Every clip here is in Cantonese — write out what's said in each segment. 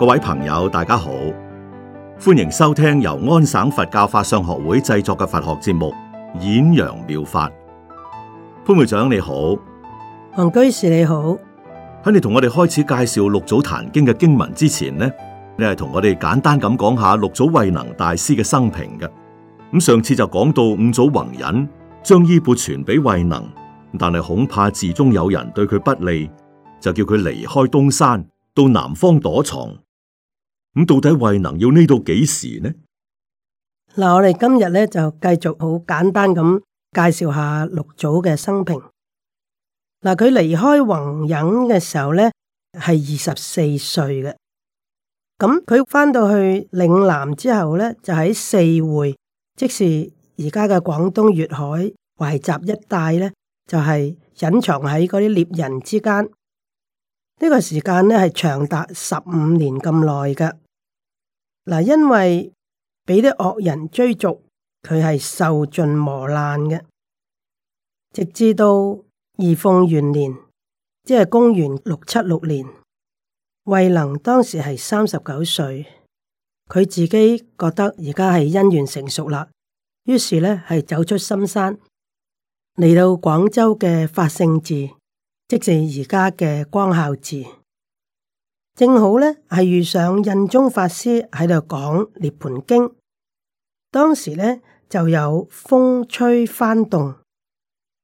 各位朋友，大家好，歡迎收聽由安省佛教法相學會製作嘅佛學節目《演揚妙、妙法》。潘會長你好，王居士你好。喺你同我哋開始介紹六祖壇經嘅經文之前呢，你係同我哋簡單咁講下六祖慧能大師嘅生平嘅。咁上次就講到五祖弘忍將衣缽傳俾慧能，但係恐怕寺中有人對佢不利，就叫佢離開東山，到南方躲藏。咁到底慧能要呢到幾時呢？嗱、嗯，我哋今日咧就繼續好簡單咁介紹下六祖嘅生平。嗱、嗯，佢離開弘忍嘅時候咧係二十四歲嘅，咁佢翻到去嶺南之後咧就喺四會，即是而家嘅廣東粵海懷集一帶咧，就係、是、隱藏喺嗰啲獵人之間。呢個時間咧係長達十五年咁耐嘅，嗱，因為俾啲惡人追逐，佢係受盡磨難嘅，直至到儀鳳元年，即係公元六七六年，慧能當時係三十九歲，佢自己覺得而家係因緣成熟啦，於是呢，係走出深山，嚟到廣州嘅法性寺。即是而家嘅光孝寺，正好呢，係遇上印中法師喺度講《涅槃經》，當時呢就有風吹翻動，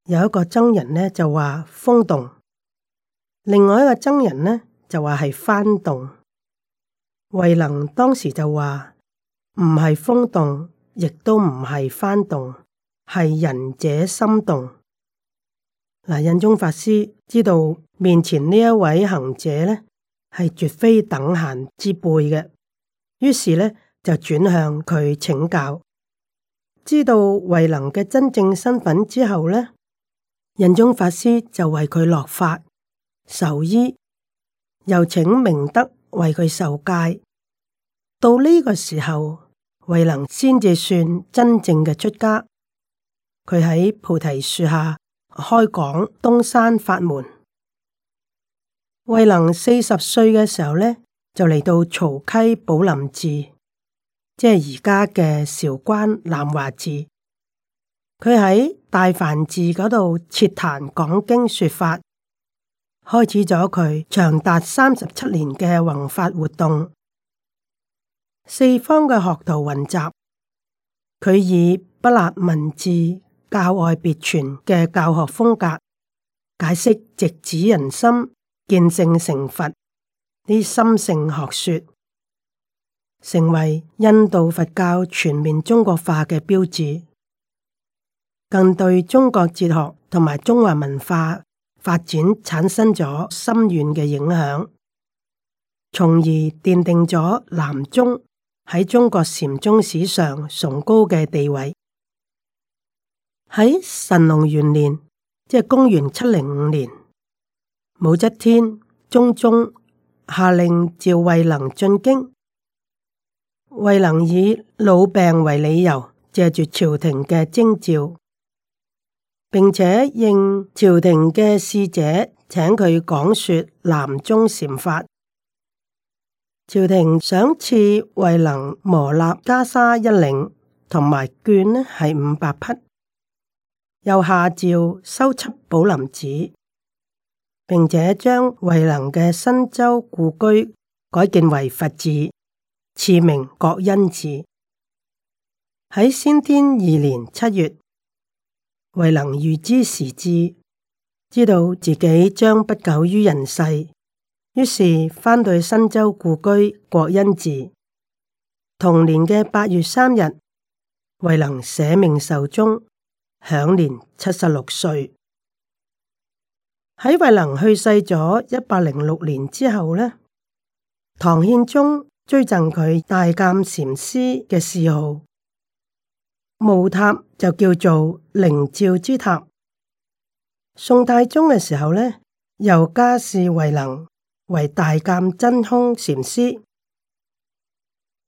有一個僧人呢就話風動，另外一個僧人呢就話係翻動，慧能當時就話唔係風動，亦都唔係翻動，係仁者心動。嗱，印宗法師知道面前呢一位行者咧，係絕非等閒之輩嘅，於是咧就轉向佢請教。知道慧能嘅真正身份之後咧，印宗法師就為佢落髮授衣，又請明德為佢受戒。到呢個時候，慧能先至算真正嘅出家。佢喺菩提樹下，開講東山法門，慧能四十歲嘅時候呢，就嚟到曹溪寶林寺，即係而家嘅韶關南華寺。佢喺大梵寺嗰度設壇講經說法，開始咗佢長達三十七年嘅弘法活動，四方嘅學徒雲集，佢以不立文字。教外別傳嘅教學風格，解釋直指人心、見性成佛啲心性學說，成為印度佛教全面中國化嘅標誌，更對中國哲學同埋中華文化發展產生咗深遠嘅影響，從而奠定咗南宗喺中國禪宗史上崇高嘅地位。喺神龍元年，即係公元七零五年，武則天中宗下令詔慧能進京。慧能以老病為理由，借住朝廷嘅徵召，並且應朝廷嘅使者請佢講說南宗禪法。朝廷賞賜慧能磨納袈裟一領，同埋絹呢係五百匹。又下詔修葺寶林寺，並且將惠能嘅新州故居改建為佛寺，賜名國恩寺。喺先天二年七月，惠能預知時至，知道自己將不久於人世，於是翻到新州故居國恩寺。同年嘅八月三日，惠能捨命壽終。享年七十六歲。喺惠能去世咗一百零六年之後呢，唐憲宗追贈佢大鑑禪師嘅謚號。墓塔就叫做靈照之塔。宋太宗嘅時候呢，又加謚惠能為大鑑真空禪師。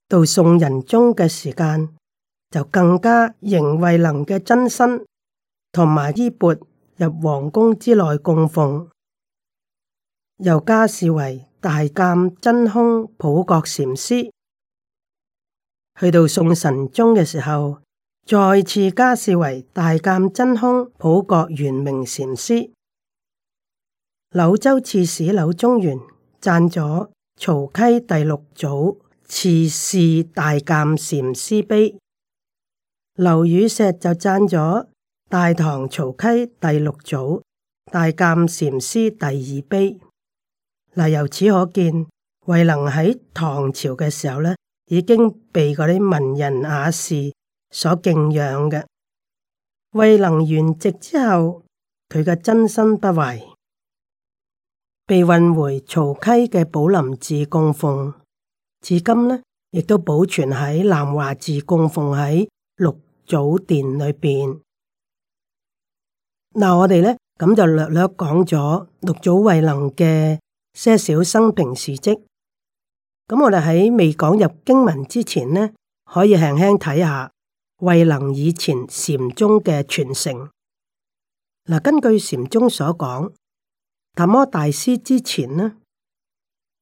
到宋仁宗嘅時間，就更加迎惠能嘅真身同埋衣鉢入皇宮之內供奉，又加諡為大鑒真空普覺禪師。去到宋神宗嘅時候，再次加諡為大鑒真空普覺圓明禪師。柳州刺史柳宗元贊咗曹溪第六祖賜諡大鑒禪師碑。劉禹錫就讚咗《大唐曹溪第六祖大鑒禪師第二碑》，嗱，由此可見慧能喺唐朝嘅時候呢，已經被嗰啲文人雅士所敬仰嘅。慧能圓寂之後，佢嘅真身不壞，被運回曹溪嘅寶林寺供奉，至今呢亦都保存喺南華寺供奉喺六祖殿裏邊，嗱，我哋咧，咁就略略講咗六祖慧能嘅些少生平事蹟。咁我哋喺未講入經文之前呢，可以輕輕睇下慧能以前禪宗嘅傳承。嗱，根據禪宗所講，達摩大師之前呢，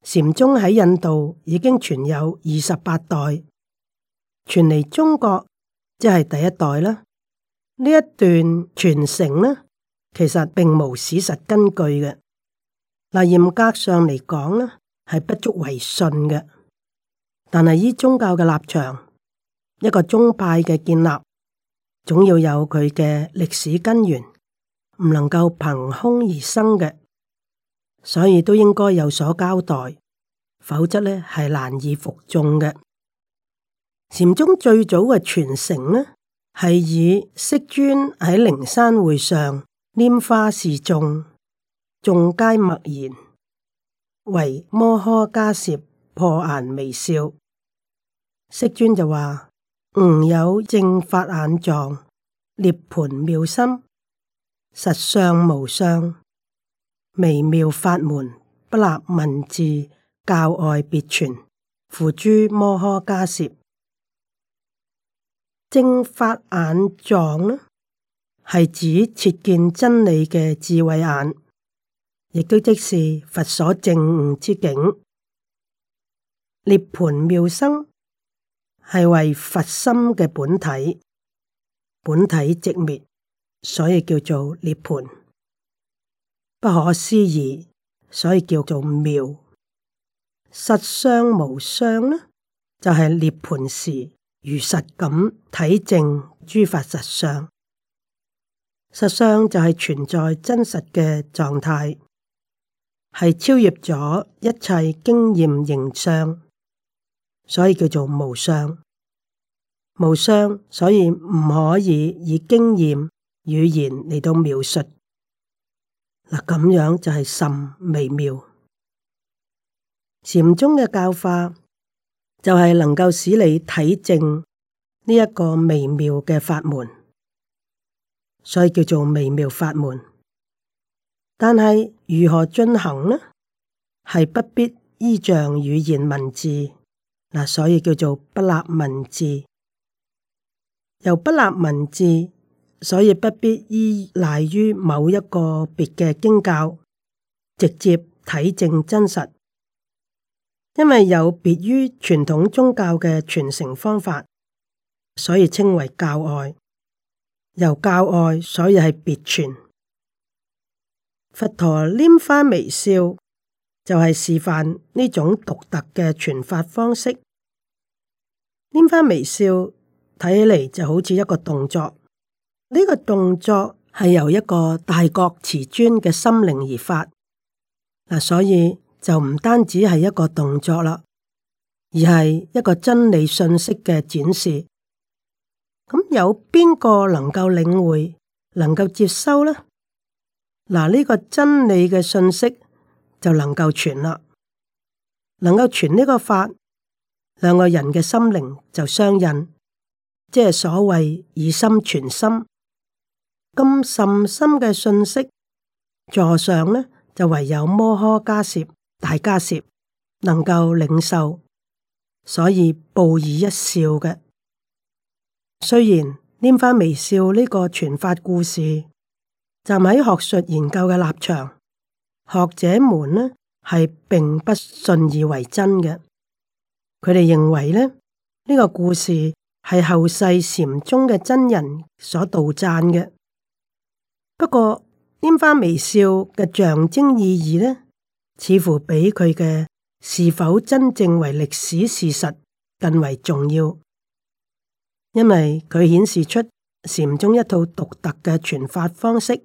禪宗喺印度已經傳有二十八代，傳嚟中國。即係第一代啦，呢一段傳承呢，其實並無史實根據嘅。嗱，嚴格上嚟講呢，係不足為信嘅。但係依宗教嘅立場，一個宗派嘅建立，總要有佢嘅歷史根源，唔能夠憑空而生嘅。所以都應該有所交代，否則呢係難以服眾嘅。禪宗最早嘅傳承呢，係以釋尊喺靈山會上拈花示眾，眾皆默然，唯摩訶迦葉破顏微笑。釋尊就話：吾有正法眼藏，涅槃妙心，實相無相，微妙法門，不立文字，教外別傳，付諸摩訶迦葉。正法眼藏呢，係指切見真理嘅智慧眼，亦都即是佛所證悟之境。涅槃妙心係為佛心嘅本體，本體寂滅，所以叫做涅槃。不可思議，所以叫做妙。實相無相呢，就係涅槃時。如實咁體證諸法實相，實相就係存在真實嘅狀態，係超越咗一切經驗形相，所以叫做無相。無相，所以唔可以以經驗語言嚟到描述。嗱，咁樣就係甚微妙禪宗嘅教法。就係能夠使你體證呢一個微妙嘅法門，所以叫做微妙法門。但係如何進行呢？係不必依仗語言文字，嗱，所以叫做不立文字。由不立文字，所以不必依賴於某一個別嘅經教，直接體證真實。因為有別於傳統宗教嘅傳承方法，所以稱為教外。由教外，所以係別傳。佛陀拈花微笑，就係、是、示範呢種獨特嘅傳法方式。拈花微笑睇起嚟，就好似一個動作，呢、這個動作係由一個大覺瓷磚嘅心靈而發嗱，所以。就唔單止係一個動作啦，而係一個真理信息嘅展示。咁有邊個能夠領會、能夠接收呢？嗱，呢個真理嘅信息就能夠傳啦，能夠傳呢個法，兩個人嘅心靈就相印，即係所謂以心傳心。咁甚深嘅信息，座上呢就唯有摩訶迦葉。大家攝能夠領受，所以報以一笑嘅。雖然拈花微笑呢，這個傳法故事，站喺學術研究嘅立場，學者們呢係並不信以為真嘅。佢哋認為呢呢，這個故事係後世禪宗嘅真人所杜撰嘅。不過拈花微笑嘅象徵意義呢，似乎比佢嘅是否真正為歷史事實更為重要，因為佢顯示出禪宗一套獨特嘅傳法方式，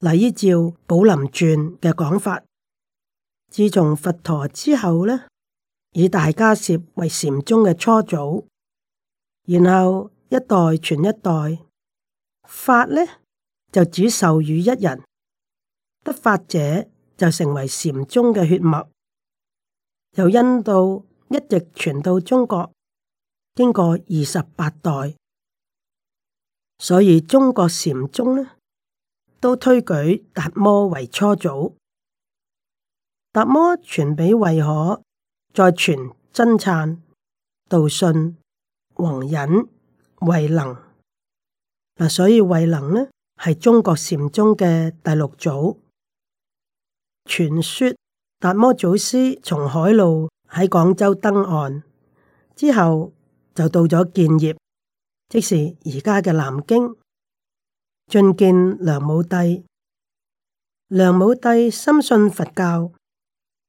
嚟依照《寶林傳》嘅講法，自從佛陀之後咧，以大迦葉為禪宗嘅初祖，然後一代傳一代，法咧就只授予一人得法者。就成為禪宗嘅血脈，由印度一直傳到中國，經過二十八代，所以中國禪宗呢都推舉達摩為初祖，達摩傳俾慧可，再傳僧璨、道信、弘忍、慧能，嗱，所以慧能呢係中國禪宗嘅第六祖。傳說達摩祖師從海路喺廣州登岸之後，就到咗建業，即是而家嘅南京，覲見梁武帝。梁武帝深信佛教，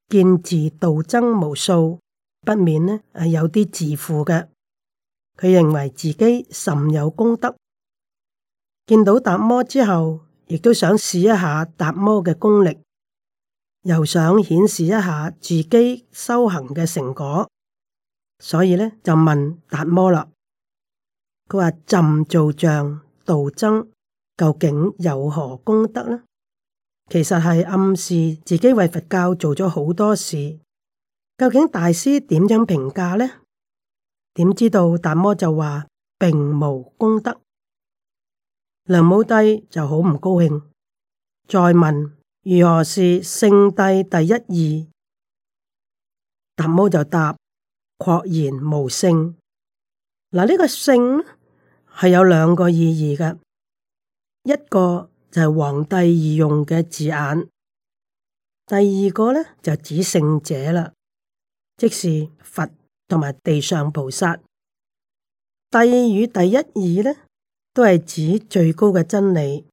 建寺度僧無數，不免呢係有啲自負嘅。佢認為自己甚有功德，見到達摩之後，亦都想試一下達摩嘅功力。又想顯示一下自己修行嘅成果，所以呢，就問達摩啦。佢話朕造像度僧，究竟有何功德呢？其實係暗示自己為佛教做咗好多事，究竟大師點樣評價呢？點知道達摩就話並無功德。梁武帝就好唔高興，再問。如何是聖諦第一義？達摩就答：廓然無聖。嗱，呢個聖呢，係有兩個意義嘅，一個就係皇帝而用嘅字眼，第二個呢就指聖者啦，即是佛同埋地上菩薩。諦與第一義呢，都係指最高嘅真理。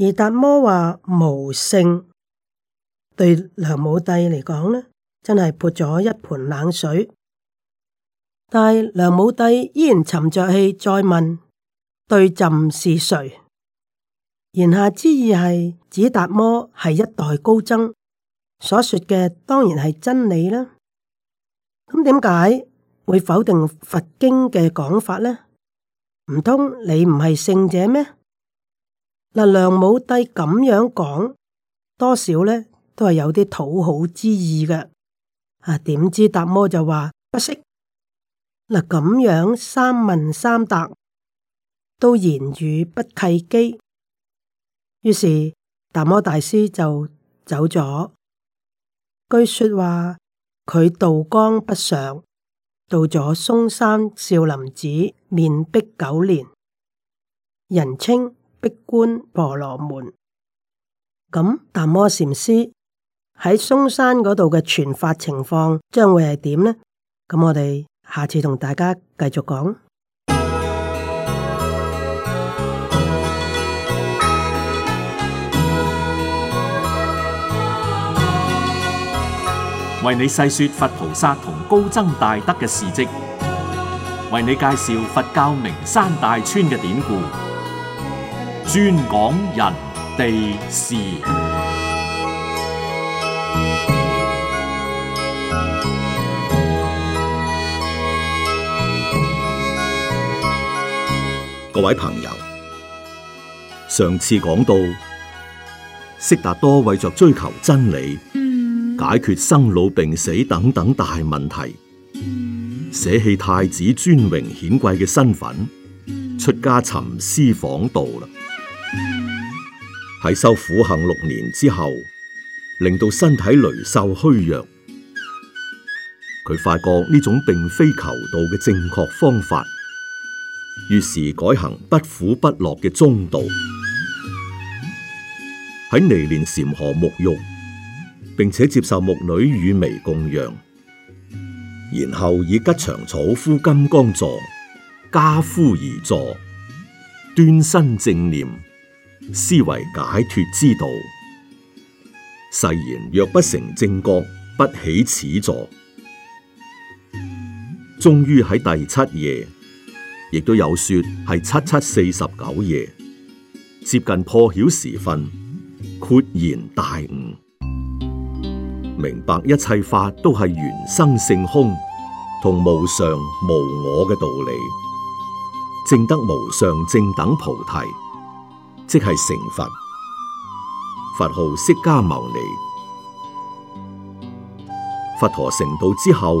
而達摩話無聖對梁武帝嚟講呢，真係潑咗一盆冷水。但係梁武帝依然沉着氣，再問對朕是誰。言下之意係指達摩係一代高僧，所說嘅當然係真理啦。咁點解會否定佛經嘅講法呢？唔通你唔係聖者咩？嗱，梁武帝咁樣講，多少呢都係有啲討好之意嘅。啊，點知達摩就話不識。嗱，咁樣三問三答，都言語不契機。於是達摩大師就走咗。據說話佢渡江北上，到咗嵩山少林寺面壁九年，人稱。閉關婆羅門，咁達摩禪師喺嵩山嗰度嘅傳法情況將會係點呢？咁我哋下次同大家繼續講。為你細說佛菩薩同高僧大德嘅事迹，為你介紹佛教名山大川嘅典故。專講人哋事，各位朋友，上次講到悉達多為着追求真理，解決生老病死等等大問題，捨棄太子尊榮顯貴嘅身份，出家尋師訪道啦。喺修苦行六年之後，令到身體羸瘦虛弱，佢發覺呢種並非求道嘅正確方法，於是改行不苦不樂嘅中道。喺尼連禪河沐浴，並且接受牧女乳糜供養，然後以吉祥草敷金剛座，跏趺而坐，端身正念。思維解脱之道，誓言若不成正覺，不起此座。終於喺第七夜，亦都有說係七七四十九夜，接近破曉時分，豁然大悟，明白一切法都係緣生性空同無常無我嘅道理，證得無上正等菩提。即係成佛，佛號釋迦牟尼。佛陀成道之後，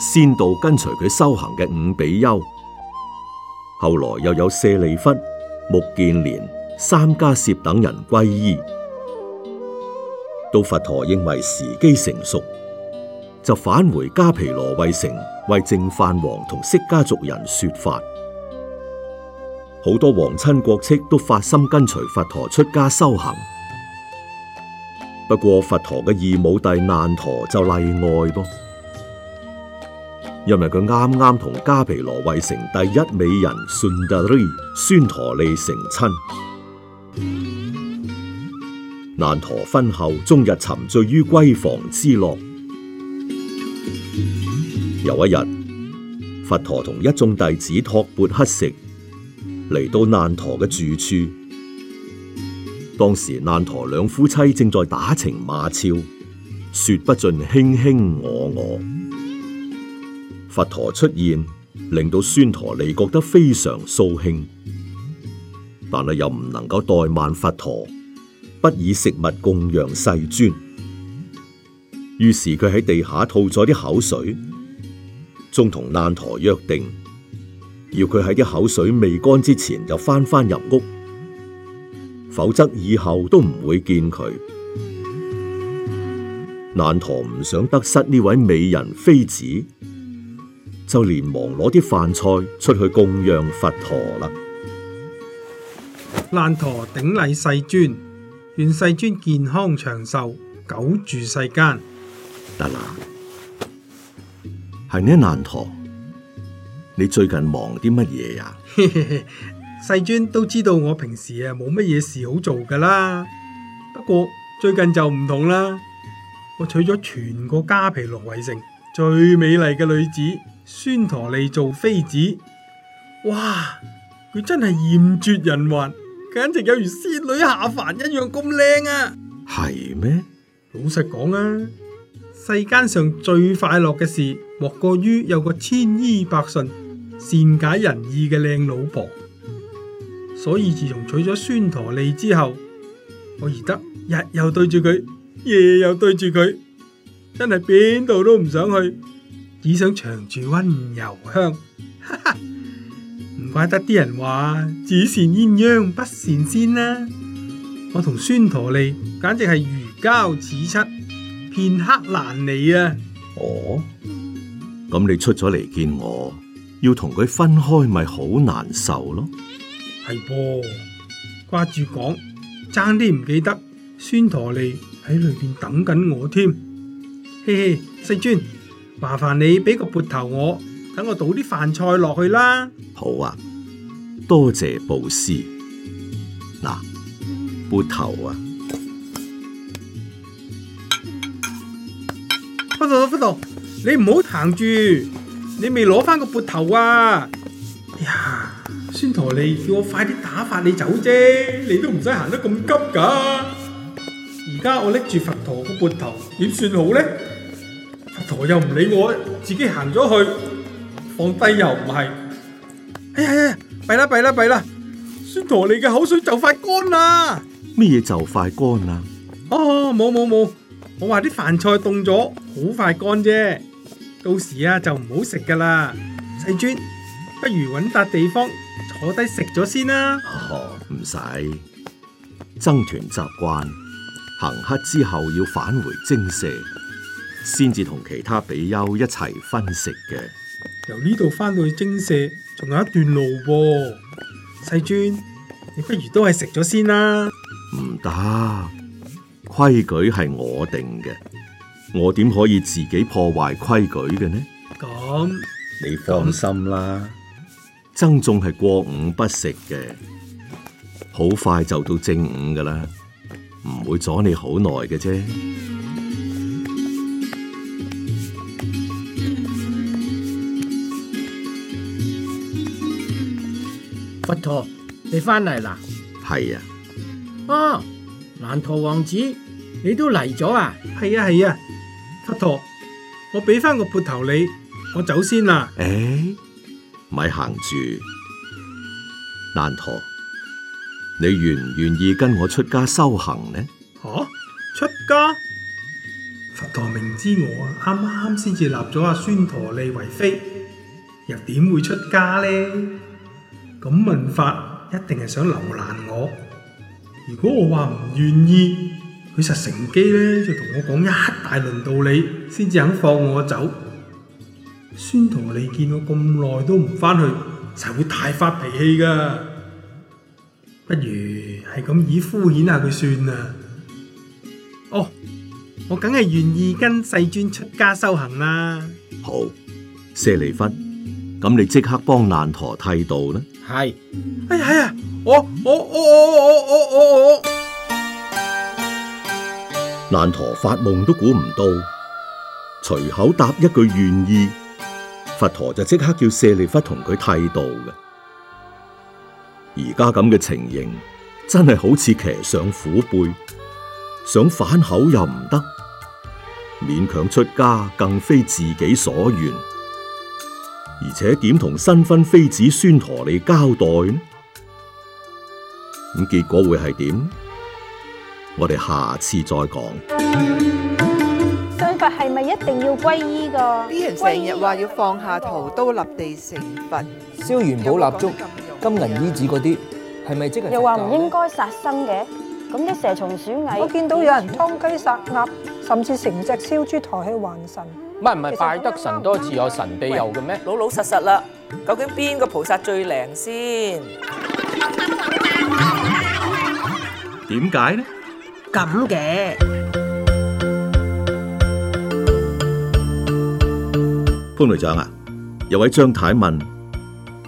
先度跟隨佢修行嘅五比丘，後來又有舍利弗、目犍連、三迦葉等人皈依。到佛陀認為時機成熟，就返回迦毗羅衛城，為淨飯王同釋迦族人說法。好多皇親國戚都發心跟隨佛陀出家修行，不過佛陀嘅異母弟難陀就例外噃，因為佢啱啱同迦毘羅衛城第一美人孫德瑞孫陀利成親，難陀婚後終日沉醉於閨房之樂。有一日，佛陀同一眾弟子托缽乞食。嚟到難陀嘅住處，當時難陀兩夫妻正在打情罵俏，說不盡卿卿我我。佛陀出現，令到孫陀利覺得非常掃興，但係又唔能夠怠慢佛陀，不以食物供養世尊。於是佢喺地下吐咗啲口水，仲同難陀約定。要佢喺啲口水未乾之前就翻翻入屋，否則以後都唔會見佢。難陀唔想得失呢位美人妃子，就連忙攞啲飯菜出去供養佛陀啦。難陀頂禮世尊，願世尊健康長壽，久住世間。得啦，係呢難陀。你最近忙啲乜嘢呀？世 尊都知道我平時啊冇乜嘢事好做㗎啦，不過最近就唔同啦。我娶咗全個迦毗羅衛城最美麗嘅女子孫陀利做妃子，哇！佢真係艷絕人寰，簡直有如仙女下凡一樣咁靚啊嗎！係咩？老實講啊，世間上最快樂嘅事，莫過於有個千依百順。善解人意嘅靚老婆，所以自從娶咗孫陀利之後，我而得日又對住佢，夜又對住佢，真係邊度都唔想去，只想長住溫柔鄉。哈哈，唔怪得啲人話：只羨鴛鴦不羨仙啦，啊。我同孫陀利簡直係如膠似漆，片刻難離啊！哦，咁你出咗嚟見我，要同佢分開咪好難受咯，係噃、啊，掛住講，爭啲唔記得，孫陀利喺裏邊等緊我添。嘿嘿，世尊麻煩你俾個撥頭我，等我倒啲飯菜落去啦。好啊，多謝布施。嗱，撥頭啊，不度不度，你唔好行住。你未攞翻個缽頭啊？哎、呀，孫陀利叫我快啲打發你走啫，你都唔使行得咁急噶。而家我拎住佛陀個缽頭，點算好咧？佛陀又唔理我，自己行咗去，放低又唔係。哎呀呀，弊啦弊啦弊啦！孫陀利嘅口水就快乾啦。乜嘢就快乾啦？哦，冇冇冇，我話啲飯菜凍咗，好快乾啫。到時啊，就唔好食噶啦，世尊，不如搵笪地方坐低食咗先啦。哦，唔使。僧團習慣行乞之後要返回精舍，先至同其他比丘一齊分食嘅。由呢度翻到去精舍，仲有一段路喎，世尊，你不如都係食咗先啦。唔得，規矩係我定嘅。我點可以自己破壞規矩嘅呢？咁講你放心啦，僧眾係過午不食嘅，好快就到正午噶啦，唔會阻你好耐嘅啫。佛陀，你翻嚟啦？係啊。哦，難陀王子，你都嚟咗啊？係啊，係啊。我俾翻個撥頭你，我走先啦。誒、欸，咪行住，難陀，你願唔願意跟我出家修行呢？吓、啊，出家？佛陀明知我啊，啱啱先至立咗阿孫陀利為妃，又點會出家呢？咁問法一定係想留難我。如果我話唔願意。佢實乘機咧，就同我講一大輪道理，先至肯放我走。孫陀利見我咁耐都唔翻去，就會大發脾氣噶。不如係咁，以敷衍下佢算啦。哦，我梗係願意跟世尊出家修行啦。好，舍利弗，咁你即刻幫難陀剃度啦。係。哎呀呀，我我我我我我我我。難陀發夢都估唔到，隨口答一句願意，佛陀就即刻叫舍利弗同佢剃度嘅。而家咁嘅情形，真係好似騎上虎背，想反口又唔得，勉強出家更非自己所願，而且點同新婚妃子孫陀利交代呢？咁結果會係點？我哋下次再講。信佛係咪一定要皈依噶？啲人成日話要放下屠刀立地成佛，燒元寶蠟燭、金銀衣紙嗰啲，係咪即係？又話唔應該殺生嘅，咁啲蛇蟲鼠蟻，我見到有人殺雞殺鴨，甚至成隻燒豬抬去還神。唔係唔係，拜得神多自有神庇佑嘅咩？老老實實啦，究竟邊個菩薩最靈先？點解呢？咁嘅潘隊長啊，有位張太太問：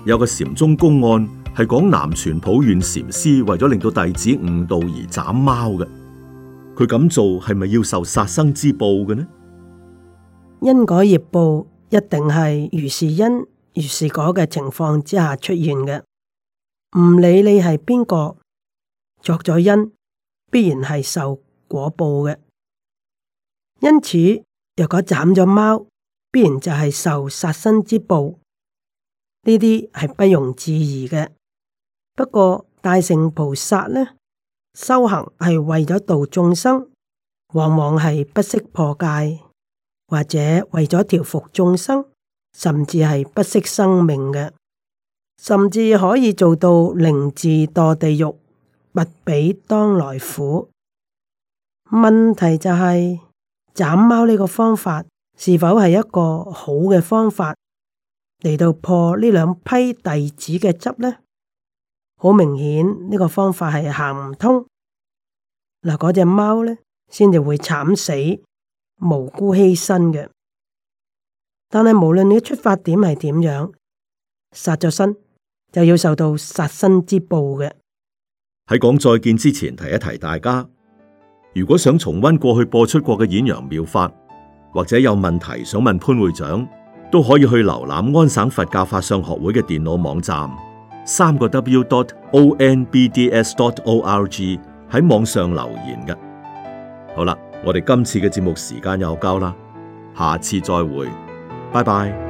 有個禪宗公案係講南泉普願禪師為咗令到弟子悟道而斬貓嘅，佢咁做係咪要受殺生之報嘅呢？ 因果業報一定係如是因如是果嘅情況之下出現嘅，唔理你係邊個作咗因。必然係受果報嘅，因此若果斬咗貓，必然就係受殺生之報，呢啲係不容置疑嘅。不過大乘菩薩呢，修行係為咗度眾生，往往係不惜破戒，或者為咗調伏眾生，甚至係不惜生命嘅，甚至可以做到寧自、墮地獄。物比當來苦，問題就係、是、斬貓呢個方法是否係一個好嘅方法嚟到破呢兩批弟子嘅執呢？好明顯呢、呢個方法係行唔通。嗱，嗰隻貓呢，先至會慘死，無辜犧牲嘅。但係無論你嘅出發點係點樣，殺咗生就要受到殺生之報嘅。喺講再見之前，提一提大家，如果想重溫過去播出過嘅演揚妙法，或者有問題想問潘會長，都可以去瀏覽安省佛教法相學會嘅電腦網站，三個 w.dot.o.n.b.d.s.dot.o.r.g 喺網上留言嘅。好啦，我哋今次嘅節目時間又夠啦，下次再會，拜拜。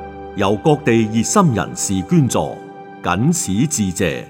由各地熱心人士捐助，謹此致謝。